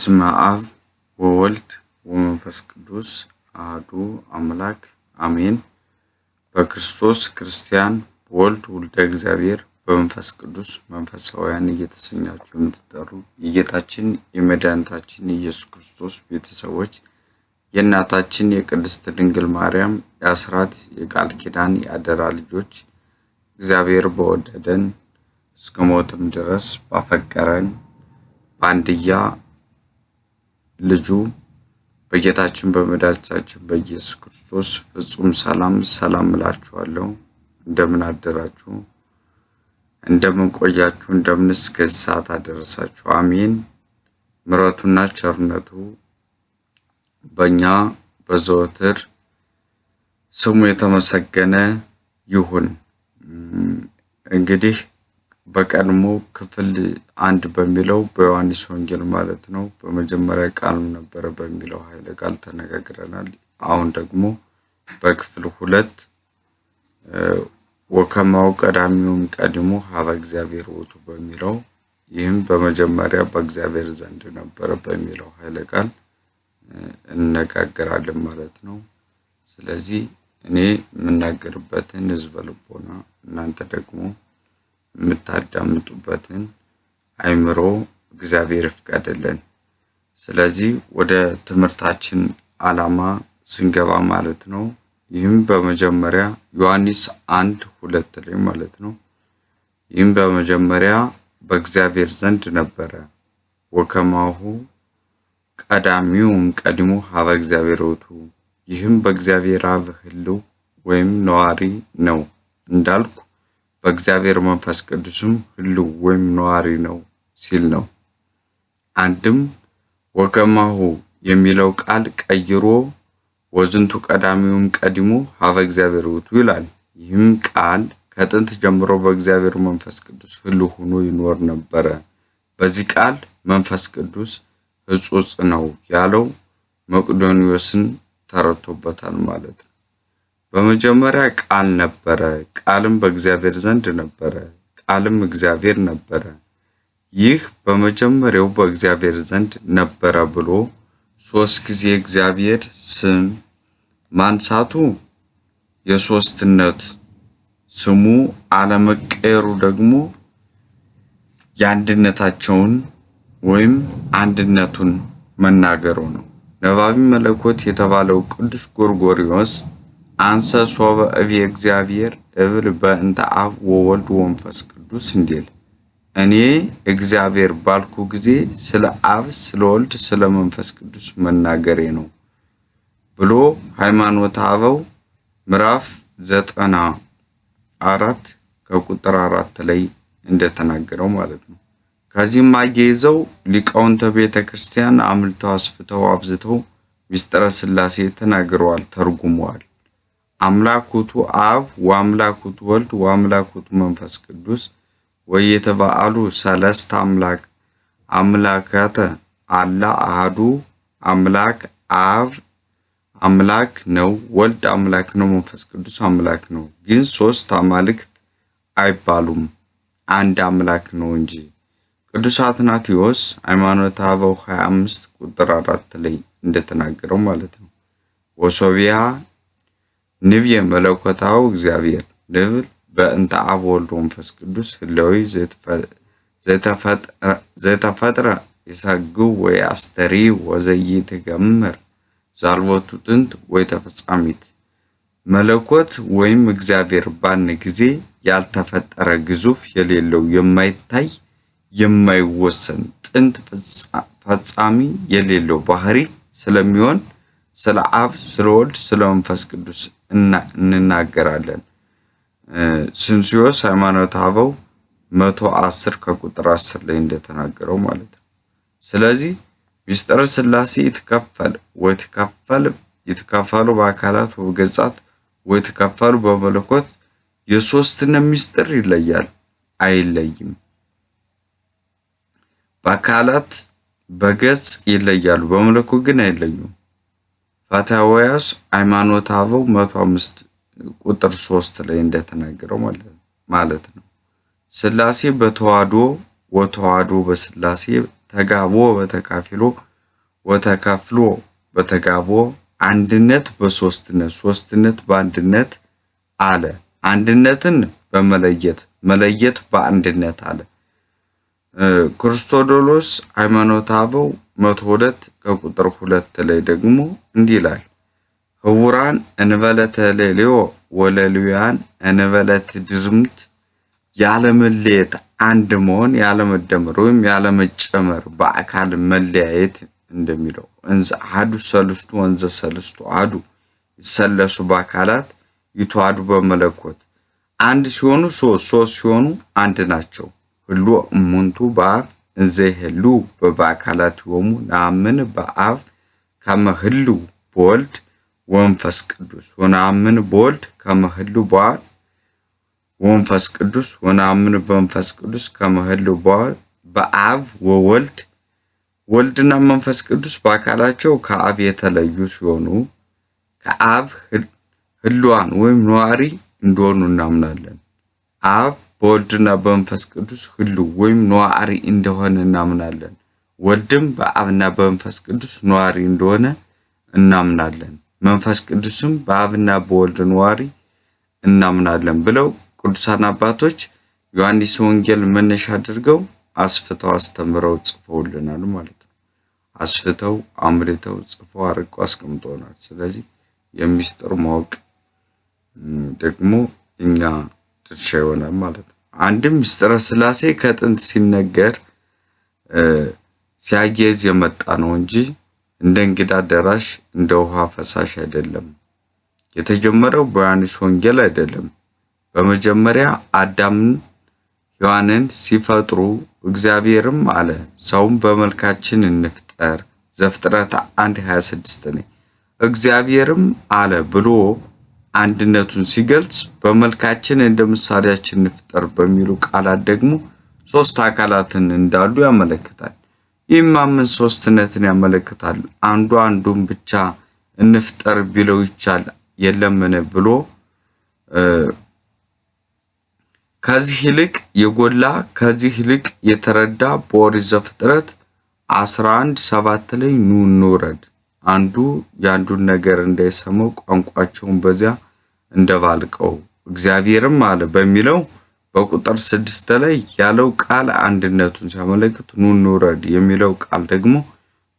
ስመ አብ ወወልድ ወመንፈስ ቅዱስ አህዱ አምላክ አሜን። በክርስቶስ ክርስቲያን በወልድ ውልደ እግዚአብሔር በመንፈስ ቅዱስ መንፈሳውያን እየተሰኛችሁ የምትጠሩ የጌታችን የመድኃኒታችን ኢየሱስ ክርስቶስ ቤተሰቦች የእናታችን የቅድስት ድንግል ማርያም የአስራት የቃል ኪዳን የአደራ ልጆች እግዚአብሔር በወደደን እስከ ሞትም ድረስ ባፈቀረን በአንድያ ልጁ በጌታችን በመድኃኒታችን በኢየሱስ ክርስቶስ ፍጹም ሰላም ሰላም እላችኋለሁ። እንደምን አደራችሁ? እንደምን ቆያችሁ? እንደምንስ ከዚህ ሰዓት አደረሳችሁ? አሜን። ምሕረቱና ቸርነቱ በእኛ በዘወትር ስሙ የተመሰገነ ይሁን። እንግዲህ በቀድሞ ክፍል አንድ በሚለው በዮሐንስ ወንጌል ማለት ነው። በመጀመሪያ ቃሉ ነበረ በሚለው ኃይለ ቃል ተነጋግረናል። አሁን ደግሞ በክፍል ሁለት ወከማው ቀዳሚውም ቀድሞ ሀበ እግዚአብሔር ውእቱ በሚለው ይህም በመጀመሪያ በእግዚአብሔር ዘንድ ነበረ በሚለው ኃይለ ቃል እነጋገራለን ማለት ነው። ስለዚህ እኔ የምናገርበትን ህዝበ ልቦና እናንተ ደግሞ የምታዳምጡበትን አይምሮ እግዚአብሔር ይፍቀድልን። ስለዚህ ወደ ትምህርታችን ዓላማ ስንገባ ማለት ነው። ይህም በመጀመሪያ ዮሐንስ አንድ ሁለት ላይ ማለት ነው። ይህም በመጀመሪያ በእግዚአብሔር ዘንድ ነበረ ወከማሁ ቀዳሚውም ቀድሞ ሀበ እግዚአብሔር ውእቱ ይህም በእግዚአብሔር አብ ህልው ወይም ነዋሪ ነው እንዳልኩ በእግዚአብሔር መንፈስ ቅዱስም ህልው ወይም ነዋሪ ነው ሲል ነው። አንድም ወከማሁ የሚለው ቃል ቀይሮ ወዝንቱ ቀዳሚውም ቀድሞ ሀበ እግዚአብሔር ውእቱ ይላል። ይህም ቃል ከጥንት ጀምሮ በእግዚአብሔር መንፈስ ቅዱስ ህልው ሆኖ ይኖር ነበረ። በዚህ ቃል መንፈስ ቅዱስ ህጹጽ ነው ያለው መቅዶኒዎስን ተረቶበታል ማለት ነው። በመጀመሪያ ቃል ነበረ፣ ቃልም በእግዚአብሔር ዘንድ ነበረ፣ ቃልም እግዚአብሔር ነበረ። ይህ በመጀመሪያው በእግዚአብሔር ዘንድ ነበረ ብሎ ሶስት ጊዜ እግዚአብሔር ስም ማንሳቱ የሶስትነት ስሙ አለመቀየሩ ደግሞ የአንድነታቸውን ወይም አንድነቱን መናገሩ ነው። ነባቢ መለኮት የተባለው ቅዱስ ጎርጎሪዎስ አንሰ ሶበ እብ እግዚአብሔር እብል በእንተ አብ ወወልድ ወንፈስ ቅዱስ እንዲል እኔ እግዚአብሔር ባልኩ ጊዜ ስለ አብ ስለ ወልድ ስለ መንፈስ ቅዱስ መናገሬ ነው ብሎ ሃይማኖተ አበው ምዕራፍ ዘጠና አራት ከቁጥር አራት ላይ እንደተናገረው ማለት ነው። ከዚህም አያይዘው ሊቃውንተ ቤተ ክርስቲያን አምልተው አስፍተው አብዝተው ምስጢረ ስላሴ ተናግረዋል፣ ተርጉመዋል። አምላኩቱ አብ ወአምላኩቱ ወልድ ወአምላኩቱ መንፈስ ቅዱስ ወየተባአሉ ሰለስተ አምላክ አምላከተ አላ አሃዱ አምላክ አብ አምላክ ነው፣ ወልድ አምላክ ነው፣ መንፈስ ቅዱስ አምላክ ነው። ግን ሶስት አማልክት አይባሉም አንድ አምላክ ነው እንጂ። ቅዱስ አትናቴዎስ ሃይማኖተ አበው 25 ቁጥር 4 ላይ እንደተናገረው ማለት ነው። ወሶቢያ ንብ የመለኮታው እግዚአብሔር ንብ በእንተ አብ ወልድ ቅዱስ ህላዊ ዘይተፈጥረ የሳግው ወይ አስተሪ ወዘይ ትገምር ዛልቦቱ ጥንት ወይ ተፈጻሚት መለኮት ወይም እግዚአብሔር ባን ጊዜ ያልተፈጠረ ግዙፍ የሌለው የማይታይ የማይወሰን ጥንት ፈጻሚ የሌለው ባህሪ ስለሚሆን ስለ አብ ስለ ወልድ ስለ መንፈስ ቅዱስ እንናገራለን። ስንሲዮስ ሃይማኖት አበው መቶ አስር ከቁጥር አስር ላይ እንደተናገረው ማለት ነው። ስለዚህ ሚስጥረ ስላሴ ይትከፈል ወይትከፈል ይትከፈሉ በአካላት ወገጻት ወይትከፈሉ በመለኮት የሶስትነት ሚስጥር ይለያል አይለይም። በአካላት በገጽ ይለያሉ፣ በመለኮት ግን አይለዩም። ፋታውያስ ሃይማኖተ አበው መቶ ቁጥር 3 ላይ እንደተናገረው ማለት ነው። ስላሴ በተዋህዶ ወተዋዶ በስላሴ ተጋቦ በተካፊሎ ወተካፍሎ በተጋቦ አንድነት በሶስትነት ሶስትነት በአንድነት አለ። አንድነትን በመለየት መለየት በአንድነት አለ። ክርስቶዶሎስ ሃይማኖተ አበው መቶ ሁለት ከቁጥር ሁለት ላይ ደግሞ እንዲህ ይላል ህውራን እንበለተ ሌሌዮ ወለልያን እንበለት ድዝምት ያለመለየት አንድ መሆን ያለመደመር ወይም ያለመጨመር በአካል መለያየት እንደሚለው እንዘ አሐዱ ሰልስቱ ወንዘ ሰልስቱ አሐዱ ይሰለሱ በአካላት ይተዋሃዱ በመለኮት አንድ ሲሆኑ ሶስት ሶስት ሲሆኑ አንድ ናቸው። ሁሉ እሙንቱ በአብ እንዘይህሉ ወሙ ነአምን በአብ ከመ ህሉ በወልድ ወንፈስ ቅዱስ ወነአምን በወልድ ከመ ህሉ በአብ ወንፈስ ቅዱስ ወነአምን በመንፈስ ቅዱስ ከመ ህሉ በአብ ወወልድ ወልድና መንፈስ ቅዱስ በአካላቸው ከአብ የተለዩ ሲሆኑ ከአብ ህሉዋን ወይም ነዋሪ እንደሆኑ እናምናለን። አብ በወልድና በመንፈስ ቅዱስ ህሉ ወይም ነዋሪ እንደሆነ እናምናለን። ወልድም በአብና በመንፈስ ቅዱስ ነዋሪ እንደሆነ እናምናለን። መንፈስ ቅዱስም በአብና በወልድ ነዋሪ እናምናለን ብለው ቅዱሳን አባቶች ዮሐንስ ወንጌል መነሻ አድርገው አስፍተው አስተምረው ጽፈውልናል ማለት ነው። አስፍተው አምልተው ጽፈው አርቀው አስቀምጠውናል። ስለዚህ የሚስጥር ማወቅ ደግሞ እኛ ድርሻ ይሆናል ማለት ነው። አንድም ምስጢረ ስላሴ ከጥንት ሲነገር ሲያጌዝ የመጣ ነው እንጂ እንደ እንግዳ ደራሽ እንደ ውሃ ፈሳሽ አይደለም። የተጀመረው በዮሐንስ ወንጌል አይደለም። በመጀመሪያ አዳምን ሔዋንን ሲፈጥሩ እግዚአብሔርም አለ ሰውም በመልካችን እንፍጠር ዘፍጥረት 1 26 ላይ እግዚአብሔርም አለ ብሎ አንድነቱን ሲገልጽ በመልካችን እንደ ምሳሌያችን እንፍጠር በሚሉ ቃላት ደግሞ ሶስት አካላትን እንዳሉ ያመለክታል። ይህም ማመን ሶስትነትን ያመለክታል። አንዱ አንዱን ብቻ እንፍጠር ቢለው ይቻል የለምን ብሎ ከዚህ ይልቅ የጎላ ከዚህ ይልቅ የተረዳ በኦሪት ዘፍጥረት 11 ሰባት ላይ ኑ እንውረድ አንዱ የአንዱን ነገር እንዳይሰማው ቋንቋቸውን በዚያ እንደባልቀው እግዚአብሔርም አለ በሚለው በቁጥር ስድስት ላይ ያለው ቃል አንድነቱን ሲያመለክት ኑ እንውረድ የሚለው ቃል ደግሞ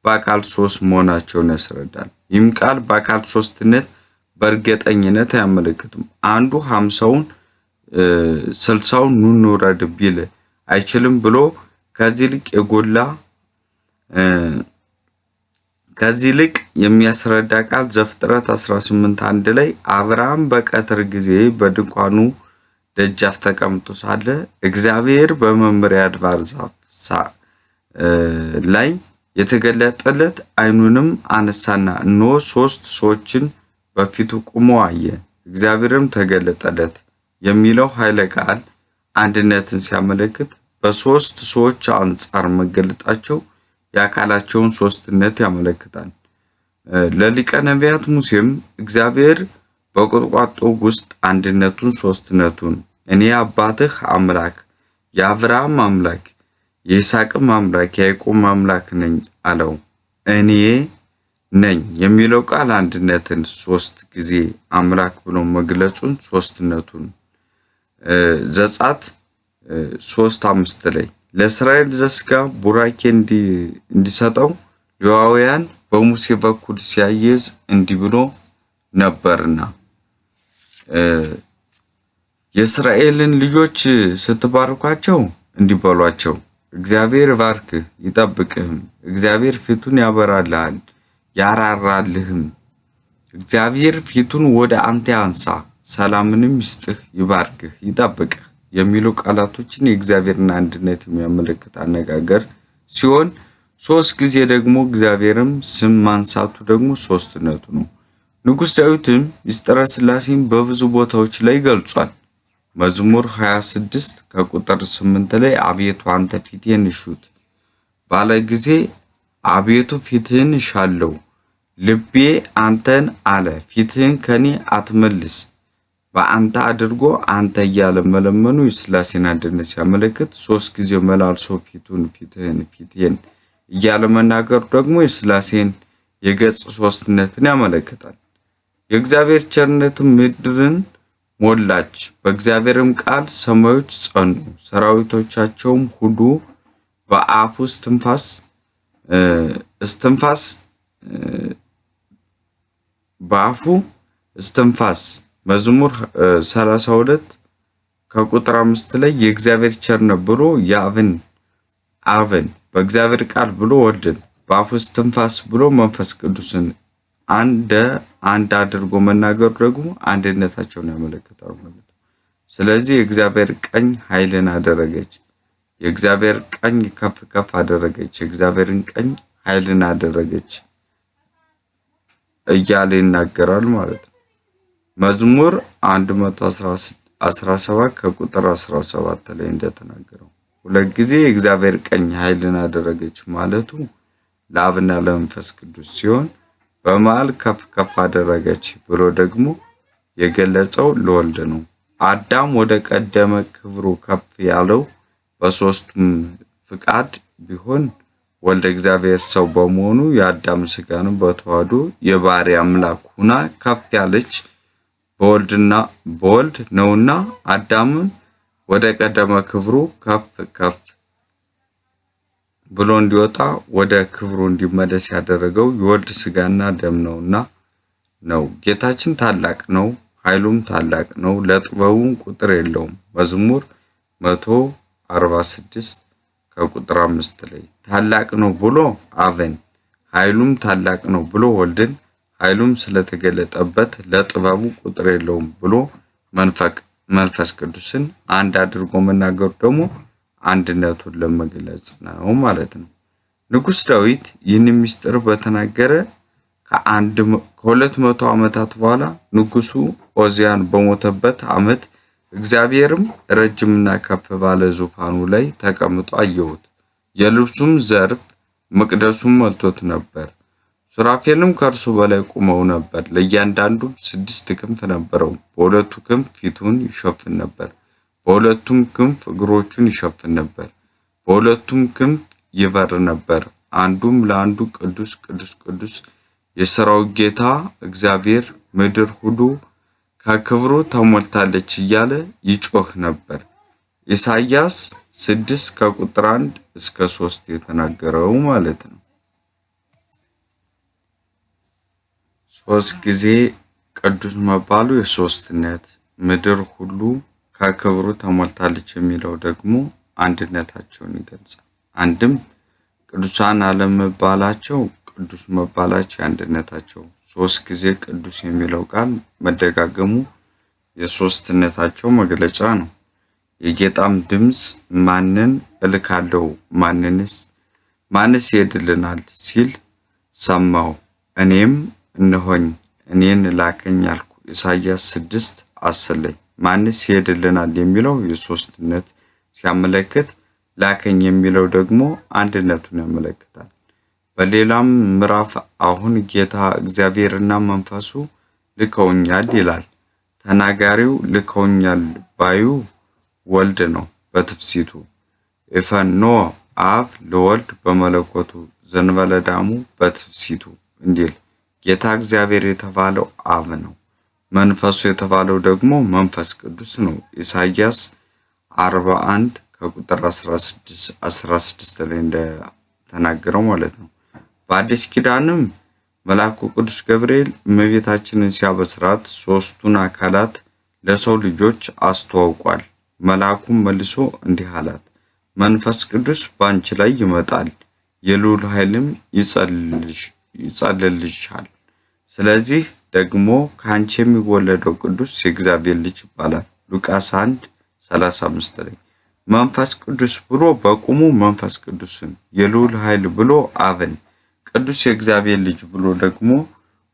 በአካል ሶስት መሆናቸውን ያስረዳል። ይህም ቃል በአካል ሶስትነት በእርግጠኝነት አያመለክትም። አንዱ ሀምሳውን ስልሳውን ኑ እንውረድ ቢል አይችልም ብሎ ከዚህ ልቅ የጎላ ከዚህ ይልቅ የሚያስረዳ ቃል ዘፍጥረት 18 አንድ ላይ አብርሃም በቀትር ጊዜ በድንኳኑ ደጃፍ ተቀምጦ ሳለ እግዚአብሔር በመምሪያ አድባር ዛፍ ላይ የተገለጠለት አይኑንም አነሳና እነሆ ሶስት ሰዎችን በፊቱ ቁሞ አየ፣ እግዚአብሔርም ተገለጠለት የሚለው ኃይለ ቃል አንድነትን ሲያመለክት በሶስት ሰዎች አንጻር መገለጣቸው የአካላቸውን ሶስትነት ያመለክታል። ለሊቀ ነቢያት ሙሴም እግዚአብሔር በቁጥቋጦ ውስጥ አንድነቱን ሶስትነቱን እኔ አባትህ አምላክ የአብርሃም አምላክ የይስሐቅም አምላክ የያዕቆብም አምላክ ነኝ አለው። እኔ ነኝ የሚለው ቃል አንድነትን ሶስት ጊዜ አምላክ ብሎ መግለጹን ሶስትነቱን ዘጻት ሶስት አምስት ላይ ለእስራኤል ዘስጋ ቡራኬ እንዲሰጠው ሌዋውያን በሙሴ በኩል ሲያይዝ እንዲህ ብሎ ነበርና የእስራኤልን ልጆች ስትባርኳቸው እንዲበሏቸው እግዚአብሔር ባርክህ ይጠብቅህም፣ እግዚአብሔር ፊቱን ያበራልሃል ያራራልህም፣ እግዚአብሔር ፊቱን ወደ አንተ ያንሳ፣ ሰላምንም ይስጥህ፣ ይባርክህ፣ ይጠብቅህ የሚሉ ቃላቶችን የእግዚአብሔርን አንድነት የሚያመለክት አነጋገር ሲሆን ሶስት ጊዜ ደግሞ እግዚአብሔርም ስም ማንሳቱ ደግሞ ሶስትነቱ ነው። ንጉሥ ዳዊትም ምስጢረ ሥላሴን በብዙ ቦታዎች ላይ ገልጿል። መዝሙር 26 ከቁጥር 8 ላይ አቤቱ አንተ ፊትህን እሹት ባለ ጊዜ አቤቱ ፊትህን እሻለሁ ልቤ አንተን አለ፣ ፊትህን ከኔ አትመልስ በአንተ አድርጎ አንተ እያለ መለመኑ የስላሴን አንድነት ሲያመለክት፣ ሶስት ጊዜ መላልሶ ፊቱን ፊትህን ፊትን እያለ መናገሩ ደግሞ የስላሴን የገጽ ሶስትነትን ያመለክታል። የእግዚአብሔር ቸርነት ምድርን ሞላች፣ በእግዚአብሔርም ቃል ሰማዮች ጸኑ፣ ሰራዊቶቻቸውም ሁሉ በአፉ እስትንፋስ እስትንፋስ በአፉ እስትንፋስ መዝሙር 32 ከቁጥር አምስት ላይ የእግዚአብሔር ቸርነት ብሎ ያብን አብን በእግዚአብሔር ቃል ብሎ ወልድን በአፉ እስትንፋስ ብሎ መንፈስ ቅዱስን አንደ አንድ አድርጎ መናገሩ ደግሞ አንድነታቸውን ያመለክታል ማለት ነው። ስለዚህ የእግዚአብሔር ቀኝ ኃይልን አደረገች፣ የእግዚአብሔር ቀኝ ከፍ ከፍ አደረገች፣ የእግዚአብሔርን ቀኝ ኃይልን አደረገች እያለ ይናገራል ማለት ነው። መዝሙር 117 ከቁጥር 17 ላይ እንደተናገረው ሁለት ጊዜ የእግዚአብሔር ቀኝ ኃይልን አደረገች ማለቱ ለአብና ለመንፈስ ቅዱስ ሲሆን በመሃል ከፍ ከፍ አደረገች ብሎ ደግሞ የገለጸው ለወልድ ነው። አዳም ወደ ቀደመ ክብሩ ከፍ ያለው በሶስቱም ፍቃድ ቢሆን ወልደ እግዚአብሔር ሰው በመሆኑ የአዳም ስጋን በተዋህዶ የባሕርይ አምላክ ሁና ከፍ ያለች በወልድና በወልድ ነውና አዳምን ወደ ቀደመ ክብሩ ከፍ ከፍ ብሎ እንዲወጣ ወደ ክብሩ እንዲመለስ ያደረገው የወልድ ስጋና ደም ነውና ነው። ጌታችን ታላቅ ነው፣ ኃይሉም ታላቅ ነው፣ ለጥበቡም ቁጥር የለውም። መዝሙር 146 ከቁጥር አምስት ላይ ታላቅ ነው ብሎ አብን ኃይሉም ታላቅ ነው ብሎ ወልድን ኃይሉም ስለተገለጠበት ለጥበቡ ቁጥር የለውም ብሎ መንፈስ ቅዱስን አንድ አድርጎ መናገሩ ደግሞ አንድነቱን ለመግለጽ ነው ማለት ነው። ንጉሥ ዳዊት ይህን ምስጢር በተናገረ ከሁለት መቶ ዓመታት በኋላ ንጉሱ ኦዚያን በሞተበት ዓመት እግዚአብሔርም ረጅምና ከፍ ባለ ዙፋኑ ላይ ተቀምጦ አየሁት። የልብሱም ዘርፍ መቅደሱን ሞልቶት ነበር። ሱራፌልም ከእርሱ በላይ ቁመው ነበር። ለእያንዳንዱም ስድስት ክንፍ ነበረው። በሁለቱ ክንፍ ፊቱን ይሸፍን ነበር፣ በሁለቱም ክንፍ እግሮቹን ይሸፍን ነበር፣ በሁለቱም ክንፍ ይበር ነበር። አንዱም ለአንዱ ቅዱስ ቅዱስ ቅዱስ የሰራዊት ጌታ እግዚአብሔር ምድር ሁሉ ከክብሩ ተሞልታለች እያለ ይጮህ ነበር። ኢሳይያስ ስድስት ከቁጥር አንድ እስከ ሶስት የተናገረው ማለት ነው። ሶስት ጊዜ ቅዱስ መባሉ የሶስትነት ምድር ሁሉ ከክብሩ ተሞልታለች የሚለው ደግሞ አንድነታቸውን ይገልጻል። አንድም ቅዱሳን አለመባላቸው ቅዱስ መባላቸው የአንድነታቸው ሶስት ጊዜ ቅዱስ የሚለው ቃል መደጋገሙ የሶስትነታቸው መግለጫ ነው። የጌጣም ድምፅ ማንን እልካለው ማንንስ ማንስ ይሄድልናል ሲል ሰማው! እኔም እነሆኝ እኔን ላከኝ አልኩ ኢሳያስ ስድስት አስር ላይ ማንስ ይሄድልናል የሚለው የሶስትነት ሲያመለክት ላከኝ የሚለው ደግሞ አንድነቱን ያመለክታል። በሌላም ምዕራፍ አሁን ጌታ እግዚአብሔርና መንፈሱ ልከውኛል ይላል። ተናጋሪው ልከውኛል ባዩ ወልድ ነው። በትፍሲቱ ኢፈኖ አብ ለወልድ በመለኮቱ ዘንበለዳሙ በትፍሲቱ እንዲል ጌታ እግዚአብሔር የተባለው አብ ነው። መንፈሱ የተባለው ደግሞ መንፈስ ቅዱስ ነው። ኢሳይያስ 41 ከቁጥር 16 16 ላይ እንደተናገረው ማለት ነው። በአዲስ ኪዳንም መልአኩ ቅዱስ ገብርኤል እመቤታችንን ሲያበስራት ሶስቱን አካላት ለሰው ልጆች አስተዋውቋል። መልአኩም መልሶ እንዲህ አላት፣ መንፈስ ቅዱስ በአንቺ ላይ ይመጣል፣ የልዑል ኃይልም ይጸልልሽ ይጸለይልሻል። ስለዚህ ደግሞ ከአንቺ የሚወለደው ቅዱስ የእግዚአብሔር ልጅ ይባላል። ሉቃስ 1 35 ላይ መንፈስ ቅዱስ ብሎ በቁሙ መንፈስ ቅዱስን የልዑል ኃይል ብሎ አብን ቅዱስ የእግዚአብሔር ልጅ ብሎ ደግሞ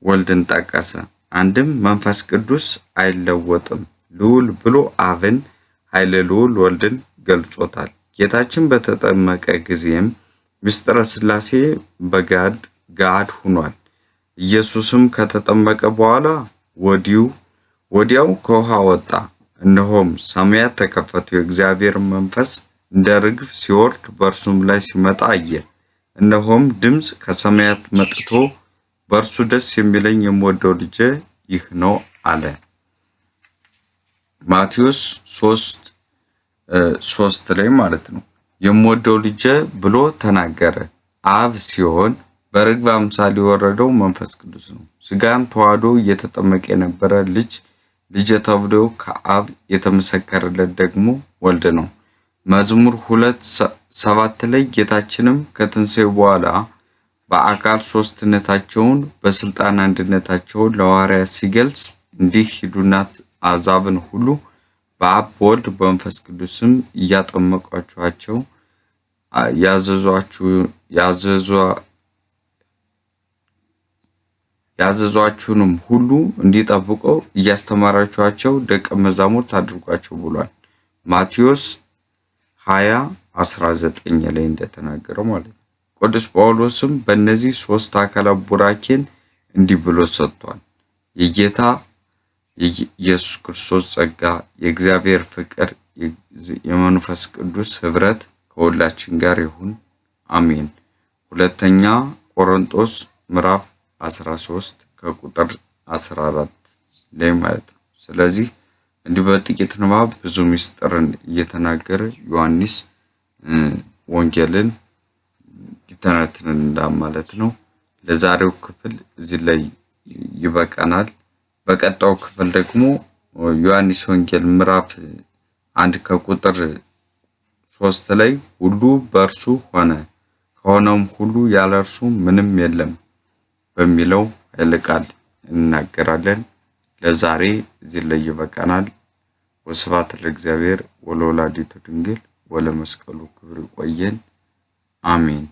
ወልድን ጠቀሰ። አንድም መንፈስ ቅዱስ አይለወጥም፣ ልዑል ብሎ አብን ኃይለ ልዑል ወልድን ገልጾታል። ጌታችን በተጠመቀ ጊዜም ምስጢረ ስላሴ በጋድ ጋድ ሆኗል። ኢየሱስም ከተጠመቀ በኋላ ወዲው ወዲያው ከውሃ ወጣ። እነሆም ሰማያት ተከፈቱ፣ የእግዚአብሔር መንፈስ እንደ ርግፍ ሲወርድ በእርሱም ላይ ሲመጣ አየ። እነሆም ድምፅ ከሰማያት መጥቶ በእርሱ ደስ የሚለኝ የምወደው ልጄ ይህ ነው አለ። ማቴዎስ ሶስት ሶስት ላይ ማለት ነው። የምወደው ልጄ ብሎ ተናገረ። አብ ሲሆን በርግብ አምሳል የወረደው መንፈስ ቅዱስ ነው። ስጋን ተዋህዶ እየተጠመቀ የነበረ ልጅ ልጅ ተብሎ ከአብ የተመሰከረለት ደግሞ ወልድ ነው። መዝሙር ሁለት ሰባት ላይ ጌታችንም ከትንሣኤው በኋላ በአካል ሶስትነታቸውን በስልጣን አንድነታቸውን ለዋርያ ሲገልጽ እንዲህ ሂዱናት አዛብን ሁሉ በአብ በወልድ በመንፈስ ቅዱስም እያጠመቋችኋቸው ያዘዟችሁ ያዘዟችሁንም ሁሉ እንዲጠብቀው እያስተማራችኋቸው ደቀ መዛሙርት አድርጓቸው ብሏል። ማቴዎስ 20 19 ላይ እንደተናገረው ማለት ነው። ቅዱስ ጳውሎስም በእነዚህ ሶስት አካላት ቡራኬን እንዲህ ብሎ ሰጥቷል። የጌታ የኢየሱስ ክርስቶስ ጸጋ፣ የእግዚአብሔር ፍቅር፣ የመንፈስ ቅዱስ ህብረት ከሁላችን ጋር ይሁን፣ አሜን። ሁለተኛ ቆሮንቶስ ምዕራፍ 13 ከቁጥር 14 ላይ ማለት ነው። ስለዚህ እንዲህ በጥቂት ንባብ ብዙ ምስጢርን እየተናገረ ዮሐንስ ወንጌልን ይተነትንላ ማለት ነው። ለዛሬው ክፍል እዚህ ላይ ይበቃናል። በቀጣው ክፍል ደግሞ ዮሐንስ ወንጌል ምዕራፍ አንድ ከቁጥር ሶስት ላይ ሁሉ በእርሱ ሆነ ከሆነውም ሁሉ ያለ እርሱ ምንም የለም በሚለው ኃይለ ቃል እንናገራለን። ለዛሬ እዚህ ላይ ይበቃናል። ወስብሐት ለእግዚአብሔር ወለወላዲቱ ድንግል ወለመስቀሉ ክብር። ይቆየን። አሜን።